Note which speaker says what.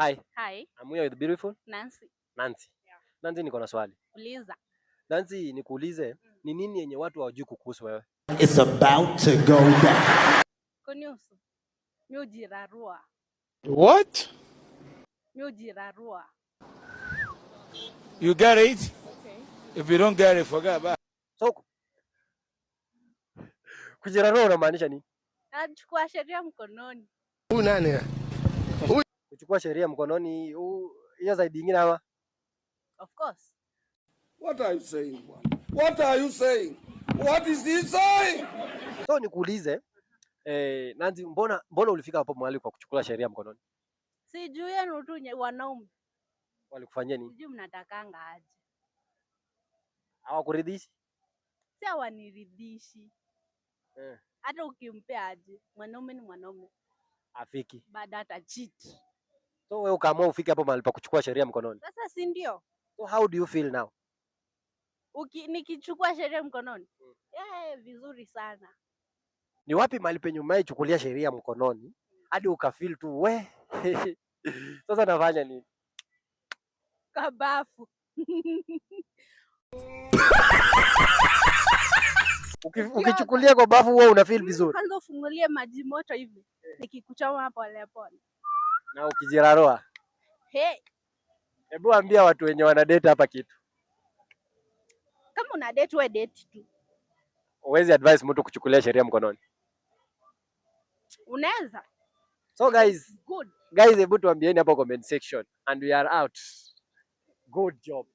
Speaker 1: Hi. Hi. I'm here with beautiful Nancy. Nancy. Yeah. Nancy niko na swali. Uliza. Nancy nikuulize mm. ni nini yenye watu hawajui kukuhusu wewe? It's about to
Speaker 2: go down. Kunihusu. Mimi hujirarua. What? Mimi hujirarua.
Speaker 3: You get it? Okay. If you don't get it, forget about it.
Speaker 1: So, kujirarua unamaanisha nini?
Speaker 2: Nachukua sheria mkononi.
Speaker 3: Huyu nani?
Speaker 1: kuchukua sheria mkononi hiyo zaidi nyingine ama?
Speaker 2: Of course.
Speaker 3: What are you saying bwana? What are you saying? What is he saying?
Speaker 1: So nikuulize eh, Nanzi, mbona mbona ulifika hapo mahali kwa kuchukua sheria mkononi?
Speaker 2: Si juu yenu tu wanaume. Walikufanyia nini? Sijui mnatakanga aje.
Speaker 1: Hawakuridhishi?
Speaker 2: Si hawaniridhishi. Eh. Hata ukimpea aje, mwanaume ni mwanaume. Afiki. Baada hata cheat.
Speaker 1: So wewe ukaamua ufike hapo mahali pa kuchukua sheria mkononi.
Speaker 2: Sasa si ndio?
Speaker 1: So how do you feel now?
Speaker 2: Uki, nikichukua sheria mkononi mm. Yeah, vizuri sana.
Speaker 1: Ni wapi mahali penye umeichukulia sheria mkononi hadi mm. ukafeel tu we sasa nafanya nini?
Speaker 2: Kabafu.
Speaker 1: Uki, ukichukulia kwa bafu wewe unafeel vizuri.
Speaker 2: Kwanza ufungulie maji moto hivi nikikuchoma hapo pole pole
Speaker 1: na ukijiraroa. Hey. Hebu ambia watu wenye wana date hapa kitu.
Speaker 2: Kama una date wewe date tu.
Speaker 1: Uwezi advise mtu kuchukulia sheria mkononi. Unaweza. So guys, good. Guys, hebu tuambieni hapo comment section and we are out. Good job.